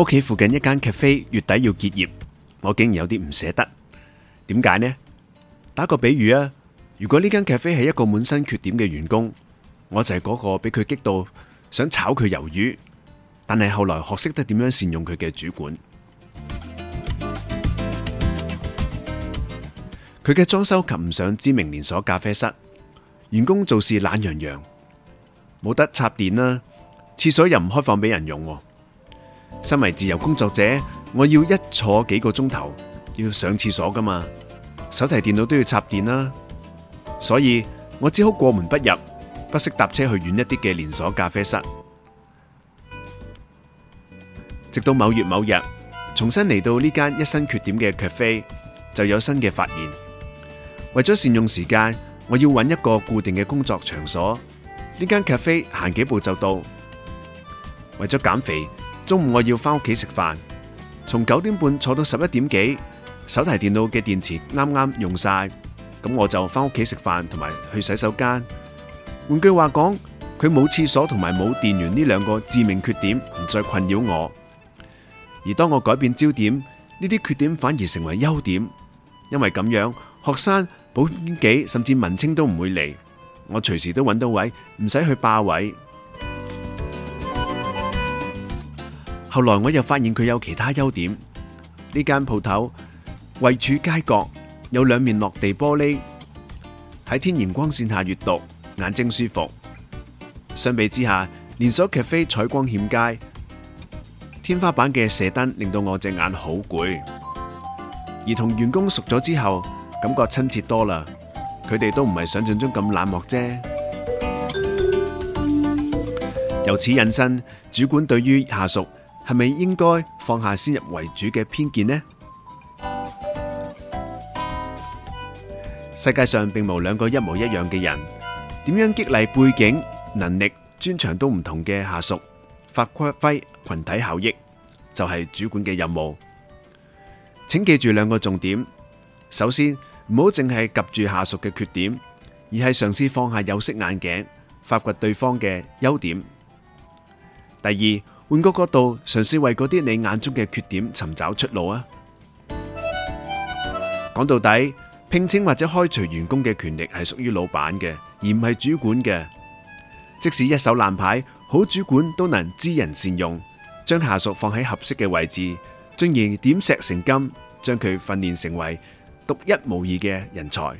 屋企附近一間 café 月底要結業，我竟然有啲唔捨得。點解呢？打個比喻啊，如果呢間 café 係一個滿身缺點嘅員工，我就係嗰個俾佢激到想炒佢魷魚，但係後來學識得點樣善用佢嘅主管。佢嘅裝修及唔上知名連鎖咖啡室，員工做事懶洋洋，冇得插電啦，厠所又唔開放俾人用。身為自由工作者，我要一坐幾個鐘頭，要上廁所噶嘛，手提電腦都要插電啦，所以我只好過門不入，不惜搭車去遠一啲嘅連鎖咖啡室。直到某月某日，重新嚟到呢間一身缺點嘅咖啡，就有新嘅發現。為咗善用時間，我要揾一個固定嘅工作場所，呢間咖啡行幾步就到。為咗減肥。中午我要返屋企食飯，從九點半坐到十一點幾，手提電腦嘅電池啱啱用晒，咁我就返屋企食飯同埋去洗手間。換句話講，佢冇廁所同埋冇電源呢兩個致命缺點，唔再困擾我。而當我改變焦點，呢啲缺點反而成為優點，因為咁樣，學生、保險經紀甚至文青都唔會嚟，我隨時都揾到位，唔使去霸位。後來我又發現佢有其他優點，呢間鋪頭位處街角，有兩面落地玻璃，喺天然光線下閱讀，眼睛舒服。相比之下，連鎖咖啡採光欠佳，天花板嘅射燈令到我隻眼好攰。而同員工熟咗之後，感覺親切多啦，佢哋都唔係想象中咁冷漠啫。由此引申，主管對於下屬，係咪應該放下先入為主嘅偏見呢？世界上並冇兩個一模一樣嘅人，點樣激勵背景、能力、專長都唔同嘅下屬，發揮群體效益，就係、是、主管嘅任務。請記住兩個重點：首先，唔好淨係盯住下屬嘅缺點，而係嘗試放下有色眼鏡，發掘對方嘅優點。第二。換個角度，嘗試為嗰啲你眼中嘅缺點尋找出路啊！講到底，聘請或者開除員工嘅權力係屬於老闆嘅，而唔係主管嘅。即使一手爛牌，好主管都能知人善用，將下屬放喺合適嘅位置，進而點石成金，將佢訓練成為獨一無二嘅人才。